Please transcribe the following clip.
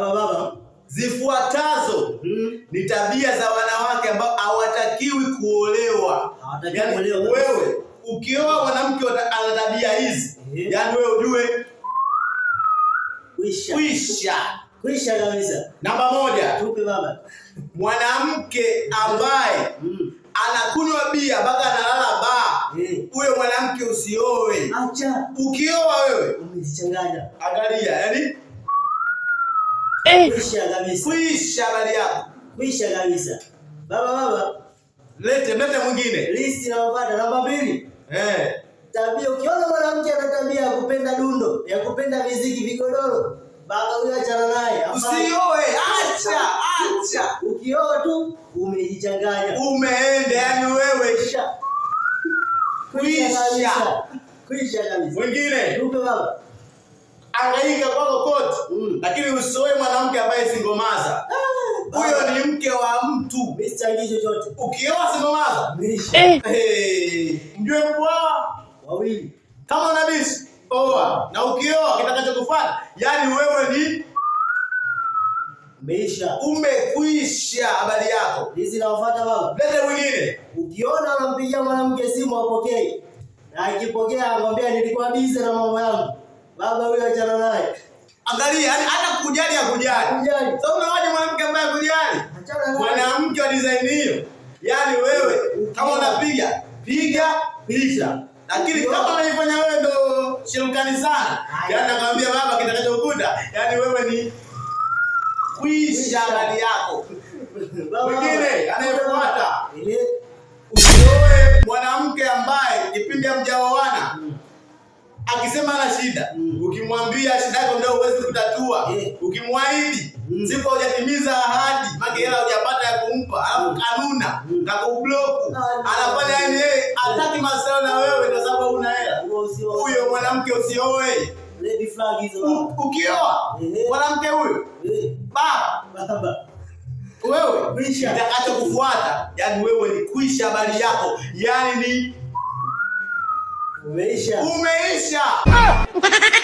Baba, baba zifuatazo hmm, ni tabia za wanawake ambao hawatakiwi kuolewa. Yani wewe ukioa mwanamke ana tabia hizi, yaani wewe ujue kwisha, kwisha. Kwisha kabisa. Namba moja, tupe baba, mwanamke ambaye mm, anakunywa bia mpaka analala baa, huyo mm, mwanamke usioe. Acha. Ukioa wewe umejichanganya. Angalia, yani Eh. Kuisha kabisa. Kuisha habari yako. Kuisha kabisa. Baba baba. Lete lete mwingine. Listi naopata namba mbili. Eh. Tabia ukiona mwanamke ana tabia ya kupenda dundo, ya kupenda miziki vigodoro. Baba huyo achana naye. Usioe, acha, acha. Ukioa tu umejichanganya. Umeenda yani wewe. Kuisha. Kuisha kabisa. Kuisha kabisa. Mwingine. Tupe baba angaika kwako kote mm. lakini usoe mwanamke ambaye singomaza ah, huyo ni mke wa mtu chochote ukioa singomaza eh. mjue mkwawa wawili kama unabisi oa na ukioa kitakachokufuata yani wewe ni Meisha. Umekuisha habari yako. Hizi nawafuata wao. Lete mwingine. Ukiona anampigia mwanamke simu apokee. Na akipokea angambia nilikuwa bize na mambo yangu baba huyo achana naye. Angalia, yani hata kujali hakujali. Sasa unawaje mwanamke ambaye kujali? Mwanamke wa design hiyo. Yaani wewe kama unapiga, piga picha. Lakini kama unaifanya wewe ndo shirukani sana. Yaani nakwambia baba kitakachokuta, yaani wewe ni kuisha hali yako. Mwingine anayefuata. Ile mwanamke ambaye kipindi hamjaoana akisema ana shida mm. ukimwambia shida yako ndio uwezi kutatua yeah. ukimwahidi mm. sipo hujatimiza ahadi make hujapata ya kumpa alafu mm. kanuna mm. kakubloku no, anafanya yani yeye ataki masaa na wewe kwa sababu una hela huyo mwanamke usioe ukioa mwanamke huyo baba wewe atakufuata yani wewe ni kuisha habari yako yani ni Umeisha. Umeisha. Ah!